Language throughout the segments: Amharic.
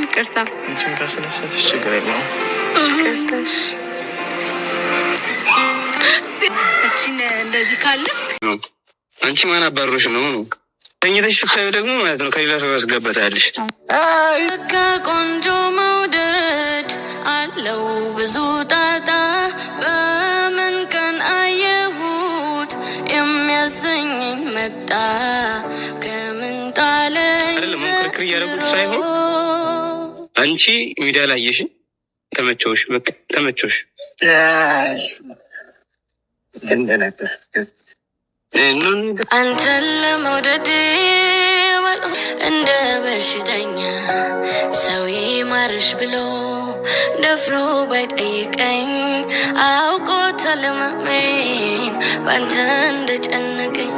ይቅርታ አንቺን ካስነሳትሽ ችግር የለውም። ይቅርታሽ እችን እንደዚህ ካለ አንቺ ማን አባሮሽ ነው ተኝተሽ ስታዩ ደግሞ ማለት ነው ከሌላ ሰው ያስገበታለሽ። ቆንጆ መውደድ አለው ብዙ ጣጣ በምን ቀን አየሁት የሚያሰኘኝ መጣ ከምን ጣለኝ ሳይሆን አንቺ ሚዲያ ላይ አየሽ፣ ተመቸውሽ፣ በቃ ተመቸውሽ። አንተን ለመውደድ እንደ በሽተኛ ሰው ይማርሽ ብሎ ደፍሮ ባይጠይቀኝ አውቆ ተለመመኝ በአንተ እንደጨነቀኝ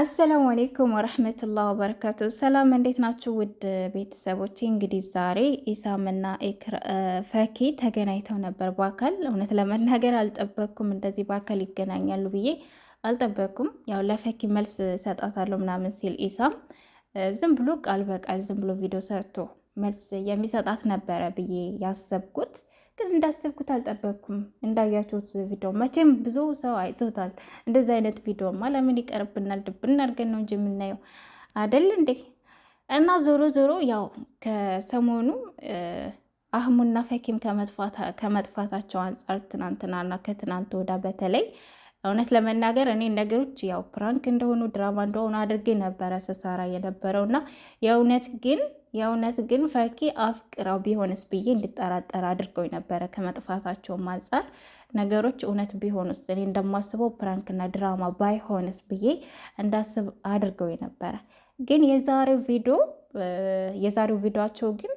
አሰላሙ አሌይኩም ወረህመቱላህ ወበረካቱ። ሰላም እንዴት ናችሁ ውድ ቤተሰቦቼ? እንግዲህ ዛሬ ኢሳምና ፈኪ ተገናኝተው ነበር በአካል። እውነት ለመናገር አልጠበኩም እንደዚህ በአካል ይገናኛሉ ብዬ አልጠበቅኩም። ያው ለፈኪ መልስ ሰጣታለሁ ምናምን ሲል ኢሳም ዝም ብሎ ቃል በቃል ዝም ብሎ ቪዲዮ ሰርቶ መልስ የሚሰጣት ነበረ ብዬ ያሰብኩት ግን እንዳሰብኩት አልጠበቅኩም። እንዳያችሁት ቪዲዮ መቼም ብዙ ሰው አይጽታል። እንደዚህ አይነት ቪዲዮማ ለምን ይቀርብናል? ድብን አድርገን ነው እንጂ የምናየው አደል እንዴ? እና ዞሮ ዞሮ ያው ከሰሞኑ አህሙና ፈኪም ከመጥፋታቸው አንጻር ትናንትናና ከትናንት ወዳ በተለይ እውነት ለመናገር እኔ ነገሮች ያው ፕራንክ እንደሆኑ ድራማ እንደሆኑ አድርጌ ነበረ ስሰራ የነበረው እና የእውነት ግን የእውነት ግን ፈኪ አፍቅረው ቢሆንስ ብዬ እንድጠራጠር አድርገው ነበረ ከመጥፋታቸውም አንጻር ነገሮች እውነት ቢሆኑስ እኔ እንደማስበው ፕራንክና ድራማ ባይሆንስ ብዬ እንዳስብ አድርገው ነበረ። ግን የዛሬው ቪዲዮ የዛሬው ቪዲዮቸው ግን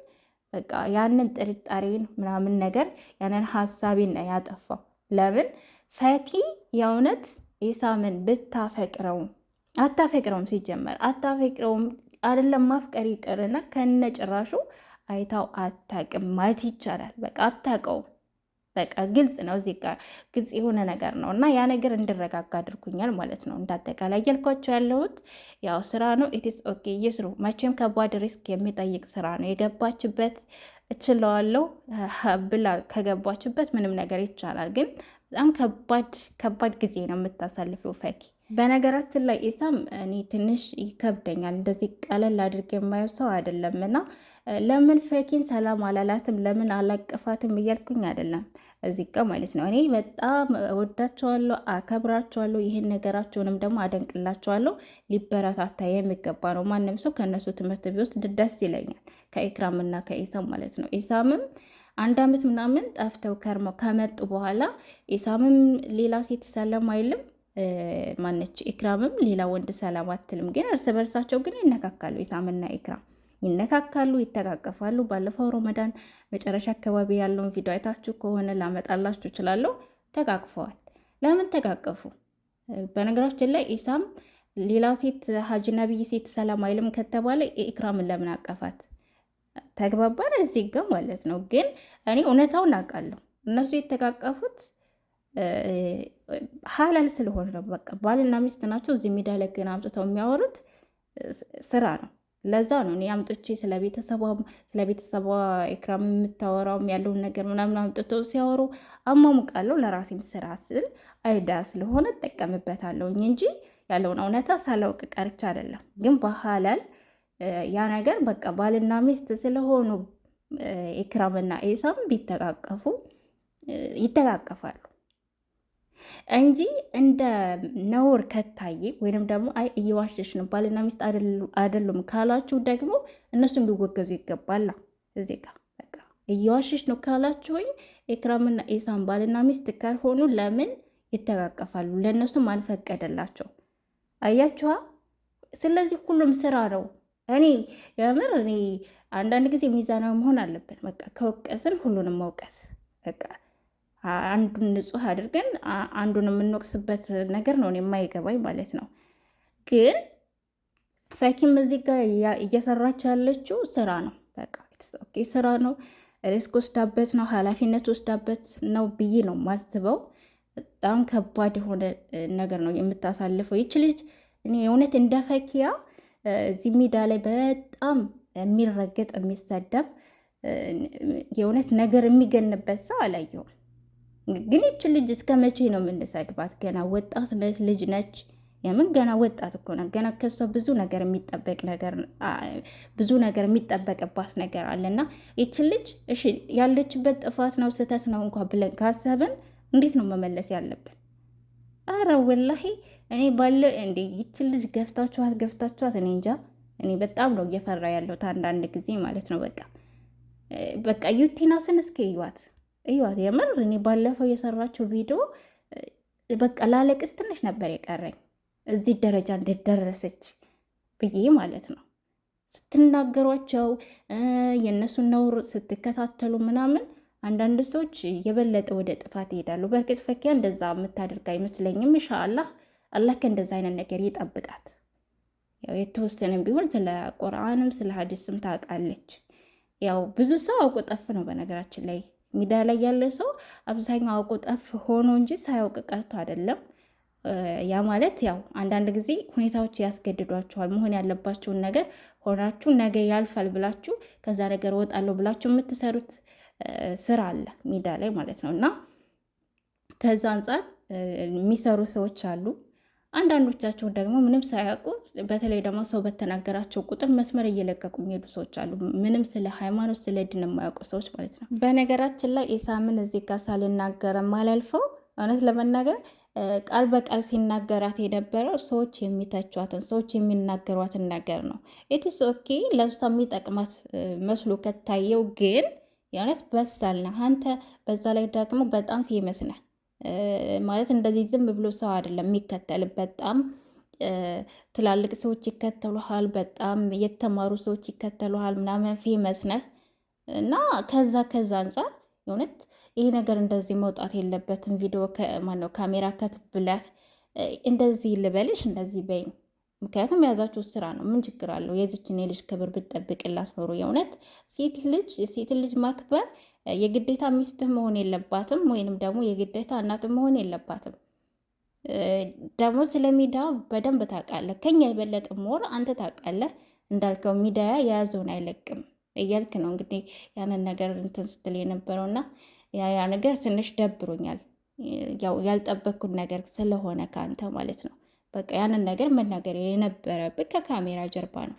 በቃ ያንን ጥርጣሬን ምናምን ነገር ያንን ሀሳቤን ያጠፋው። ለምን ፈኪ የእውነት ኢሳምን ብታፈቅረውም አታፈቅረውም ሲጀመር አታፈቅረውም አይደለም ማፍቀር ይቅርና ከነ ጭራሹ አይታው አታቅም ማለት ይቻላል። በቃ አታቀው በቃ ግልጽ ነው፣ እዚህ ጋር ግልጽ የሆነ ነገር ነው እና ያ ነገር እንድረጋጋ አድርጉኛል ማለት ነው። እንዳጠቃላይ እያልኳቸው ያለሁት ያው ስራ ነው። ኢትስ ኦኬ ይስሩ። መቼም ከባድ ሪስክ የሚጠይቅ ስራ ነው። የገባችበት እችለዋለሁ ብላ ከገባችበት ምንም ነገር ይቻላል። ግን በጣም ከባድ ከባድ ጊዜ ነው የምታሳልፈው ፈኪ በነገራችን ላይ ኢሳም እኔ ትንሽ ይከብደኛል። እንደዚህ ቀለል አድርጌ የማየው ሰው አይደለም እና ለምን ፈኪን ሰላም አላላትም ለምን አላቀፋትም እያልኩኝ አይደለም እዚህ ጋ ማለት ነው። እኔ በጣም ወዳቸዋለሁ፣ አከብራቸዋለሁ። ይህን ነገራቸውንም ደግሞ አደንቅላቸዋለሁ። ሊበረታታ የሚገባ ነው። ማንም ሰው ከእነሱ ትምህርት ቢወስድ ደስ ይለኛል። ከኢክራም እና ከኢሳም ማለት ነው። ኢሳምም አንድ አመት ምናምን ጠፍተው ከርመው ከመጡ በኋላ ኢሳምም ሌላ ሴት ሰለም አይልም ማነች ኢክራምም ሌላ ወንድ ሰላም አትልም፣ ግን እርስ በርሳቸው ግን ይነካካሉ። ኢሳምና ኢክራም ይነካካሉ፣ ይተቃቀፋሉ። ባለፈው ሮመዳን መጨረሻ አካባቢ ያለውን ቪዲዮ አይታችሁ ከሆነ ላመጣላችሁ እችላለሁ። ተቃቅፈዋል። ለምን ተቃቀፉ? በነገራችን ላይ ኢሳም ሌላ ሴት ነቢይ ሴት ሰላም አይልም ከተባለ ኢክራምን ለምን አቀፋት? ተግባባን እዚህ ጋ ማለት ነው። ግን እኔ እውነታውን አውቃለሁ እነሱ የተቃቀፉት ሀላል ስለሆነ ነው። በቃ ባልና ሚስት ናቸው። እዚህ ሜዳ ላይ ግን አምጥተው የሚያወሩት ስራ ነው። ለዛ ነው እኔ አምጥቼ ስለ ቤተሰቧ ኤክራም የምታወራውም ያለውን ነገር ምናምን አምጥተው ሲያወሩ አሟሙቃለሁ። ለራሴም ስራ ስል አይዳ ስለሆነ እጠቀምበታለሁኝ እንጂ ያለውን እውነታ ሳላውቅ ቀርቻ አይደለም። ግን በሀላል ያ ነገር በቃ ባልና ሚስት ስለሆኑ ኤክራምና ኤሳም ቢተቃቀፉ ይተቃቀፋሉ። እንጂ እንደ ነውር ከታየ ወይንም ደግሞ አይ እየዋሸሽ ነው ባልና ሚስት አይደሉም ካላችሁ ደግሞ እነሱም ሊወገዙ ይገባል እዚህ ጋር እየዋሸሽ ነው ካላችሁኝ ኤክራምና ኢሳም ባልና ሚስት ካልሆኑ ለምን ይተቃቀፋሉ? ለእነሱም አልፈቀደላቸው። አያችኋ። ስለዚህ ሁሉም ስራ ነው። እኔ የምር እኔ አንዳንድ ጊዜ ሚዛናዊ መሆን አለብን። በቃ ከወቀስን ሁሉንም መውቀስ በቃ አንዱን ንጹህ አድርገን አንዱን የምንወቅስበት ነገር ነው የማይገባኝ ማለት ነው። ግን ፈኪም እዚህ ጋር እየሰራች ያለችው ስራ ነው፣ በቃ ስራ ነው፣ ሪስክ ወስዳበት ነው፣ ኃላፊነት ወስዳበት ነው ብዬ ነው ማስበው። በጣም ከባድ የሆነ ነገር ነው የምታሳልፈው ይች ልጅ። እኔ እውነት እንደ ፈኪያ እዚህ ሜዳ ላይ በጣም የሚረገጥ የሚሰደብ የእውነት ነገር የሚገንበት ሰው አላየውም። ግን ይች ልጅ እስከ መቼ ነው የምንሰድባት? ገና ወጣት ነች፣ ልጅ ነች። የምን ገና ወጣት እኮ ነው። ገና ከሷ ብዙ ነገር የሚጠበቅ ነገር ብዙ ነገር የሚጠበቅባት ነገር አለና ይች ልጅ እሺ ያለችበት ጥፋት ነው ስህተት ነው እንኳ ብለን ካሰብን እንዴት ነው መመለስ ያለብን? አረ ወላሂ እኔ ባለ እንዴ ይች ልጅ ገፍታችኋት ገፍታችኋት፣ እኔ እንጃ። እኔ በጣም ነው እየፈራ ያለሁት አንዳንድ ጊዜ ማለት ነው። በቃ በቃ ዩቲናስን እስከ ይዋት እዩት። የምር እኔ ባለፈው የሰራቸው ቪዲዮ በቃ ላለቅስ ትንሽ ነበር የቀረኝ እዚህ ደረጃ እንደደረሰች ብዬ ማለት ነው። ስትናገሯቸው የእነሱን ነውር ስትከታተሉ ምናምን አንዳንድ ሰዎች የበለጠ ወደ ጥፋት ይሄዳሉ። በእርግጥ ፈኪያ እንደዛ የምታደርግ አይመስለኝም። ኢንሻአላህ አላህ ከእንደዛ አይነት ነገር ይጠብቃት። ያው የተወሰነም ቢሆን ስለ ቁርአንም ስለ ሀዲስም ታውቃለች። ያው ብዙ ሰው አውቆ ጠፍ ነው በነገራችን ላይ ሜዳ ላይ ያለ ሰው አብዛኛው አውቆ ጠፍ ሆኖ እንጂ ሳያውቅ ቀርቶ አይደለም። ያ ማለት ያው አንዳንድ ጊዜ ሁኔታዎች ያስገድዷችኋል። መሆን ያለባችሁን ነገር ሆናችሁ ነገ ያልፋል ብላችሁ ከዛ ነገር ወጣለሁ ብላችሁ የምትሰሩት ስራ አለ ሜዳ ላይ ማለት ነው። እና ከዛ አንጻር የሚሰሩ ሰዎች አሉ። አንዳንዶቻቸው ደግሞ ምንም ሳያውቁ በተለይ ደግሞ ሰው በተናገራቸው ቁጥር መስመር እየለቀቁ የሚሄዱ ሰዎች አሉ። ምንም ስለ ሃይማኖት፣ ስለ ድን የማያውቁ ሰዎች ማለት ነው። በነገራችን ላይ ኢሳምን እዚህ ጋር ሳልናገረ ማላልፈው እውነት ለመናገር ቃል በቃል ሲናገራት የነበረው ሰዎች የሚተቿትን ሰዎች የሚናገሯትን ነገር ነው። ኢትስ ኦኬ ለእሷ የሚጠቅማት መስሎ ከታየው ግን የእውነት በሳልና አንተ በዛ ላይ ደግሞ በጣም ፌመስ ነህ ማለት እንደዚህ ዝም ብሎ ሰው አይደለም የሚከተል። በጣም ትላልቅ ሰዎች ይከተሉሃል፣ በጣም የተማሩ ሰዎች ይከተሉሃል ምናምን ፌመስ ነህ እና ከዛ ከዛ አንጻር የእውነት ይሄ ነገር እንደዚህ መውጣት የለበትም። ቪዲዮ ማነው ካሜራ ከት ብለህ እንደዚህ ልበልሽ እንደዚህ በይኝ ምክንያቱም የያዛችሁ ስራ ነው። ምን ችግር አለው? የዚችን የልጅ ክብር ብትጠብቅላት ኖሮ የእውነት ሴት ልጅ ሴት ልጅ ማክበር የግዴታ ሚስትህ መሆን የለባትም፣ ወይንም ደግሞ የግዴታ እናትህ መሆን የለባትም። ደግሞ ስለ ሚዲያ በደንብ ታውቃለህ፣ ከኛ የበለጠ ሞር አንተ ታውቃለህ። እንዳልከው ሚዲያ የያዘውን አይለቅም እያልክ ነው እንግዲህ ያንን ነገር እንትን ስትል የነበረውና ያ ነገር ትንሽ ደብሮኛል። ያው ያልጠበቅኩት ነገር ስለሆነ ከአንተ ማለት ነው። በቃ ያንን ነገር መናገር የነበረብህ ከካሜራ ጀርባ ነው።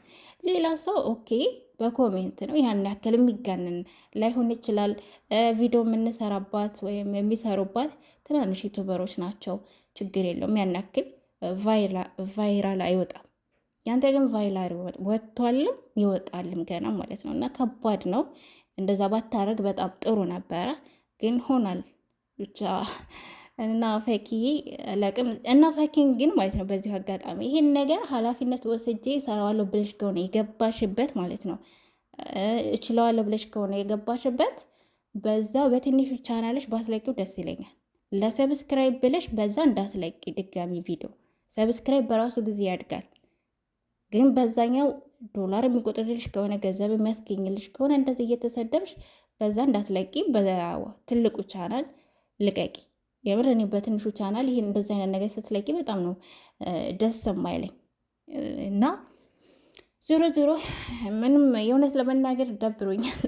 ሌላ ሰው ኦኬ በኮሜንት ነው ያን ያክል የሚጋንን ላይሆን ይችላል። ቪዲዮ የምንሰራባት ወይም የሚሰሩባት ትናንሽ ዩቱበሮች ናቸው። ችግር የለውም። ያን ያክል ቫይራል አይወጣም። ያንተ ግን ቫይራል ወጥቷልም ይወጣልም ገና ማለት ነው። እና ከባድ ነው። እንደዛ ባታረግ በጣም ጥሩ ነበረ፣ ግን ሆናል ብቻ እና ፈኪ ለቅም እና ፈኪን ግን ማለት ነው በዚሁ አጋጣሚ ይሄን ነገር ኃላፊነት ወስጄ እሰራዋለሁ ብለሽ ከሆነ የገባሽበት ማለት ነው እችለዋለሁ ብለሽ ከሆነ የገባሽበት በዛ በትንሹ ቻናልሽ ባስለቂው ደስ ይለኛል። ለሰብስክራይብ ብለሽ በዛ እንዳስለቂ ድጋሚ ቪዲዮ። ሰብስክራይብ በራሱ ጊዜ ያድጋል፣ ግን በዛኛው ዶላር የሚቆጥርልሽ ከሆነ ገንዘብ የሚያስገኝልሽ ከሆነ እንደዚህ እየተሰደብሽ በዛ እንዳትለቂ። በትልቁ ቻናል ልቀቂ። የምር እኔ በትንሹ ቻናል ይህን እንደዚህ አይነት ነገር ስትለቂ በጣም ነው ደስ የማይለኝ እና ዞሮ ዞሮ ምንም የእውነት ለመናገር ደብሮኛል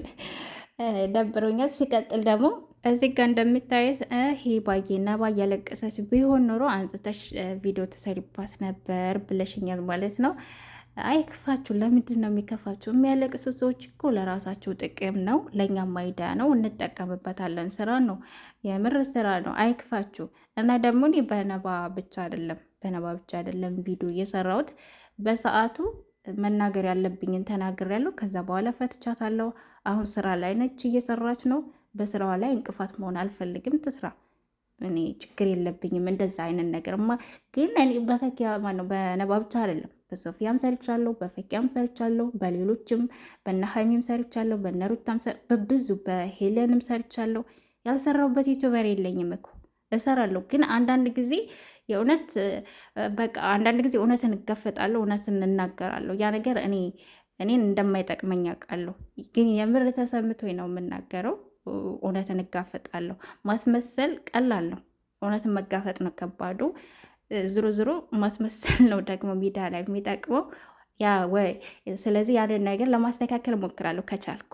ደብሮኛል። ሲቀጥል ደግሞ እዚህ ጋር እንደምታየት ሂባዬ ነባ እያለቀሰች ቢሆን ኖሮ አንጽተሽ ቪዲዮ ተሰሪባት ነበር ብለሽኛል ማለት ነው። አይክፋችሁ። ለምንድን ነው የሚከፋችሁ? የሚያለቅሱ ሰዎች እኮ ለራሳቸው ጥቅም ነው፣ ለእኛ ማይዳ ነው፣ እንጠቀምበታለን። ስራ ነው፣ የምር ስራ ነው። አይክፋችሁ። እና ደግሞ እኔ በነባ ብቻ አይደለም በነባ ብቻ አይደለም ቪዲዮ እየሰራሁት በሰዓቱ መናገር ያለብኝን ተናግር ያለው ከዛ በኋላ ፈትቻታለሁ። አሁን ስራ ላይ ነች፣ እየሰራች ነው። በስራዋ ላይ እንቅፋት መሆን አልፈልግም። ትስራ፣ እኔ ችግር የለብኝም። እንደዛ አይነት ነገር ግን በፈኪያ ማነው በነባ ብቻ አይደለም በሶፊያም ሰርቻለሁ፣ በፈኪያም ሰርቻለሁ፣ በሌሎችም በነ ሰርቻለሁ፣ በነሩታም በብዙ በሄለንም ሰርቻለሁ። ያልሰራሁበት ዩቱበር የለኝም እኮ እሰራለሁ። ግን አንዳንድ ጊዜ የእውነት በቃ አንዳንድ ጊዜ እውነትን እጋፈጣለሁ፣ እውነትን እናገራለሁ። ያ ነገር እኔ እኔን እንደማይጠቅመኝ ያውቃለሁ። ግን የምር ተሰምቶኝ ነው የምናገረው። እውነትን እጋፈጣለሁ። ማስመሰል ቀላል ነው። እውነትን መጋፈጥ ነው ከባዱ። ዝሮ ዝሮ ማስመሰል ነው ደግሞ ሜዳ ላይ የሚጠቅመው። ያ ወይ ስለዚህ ያንን ነገር ለማስተካከል እሞክራለሁ ከቻልኩ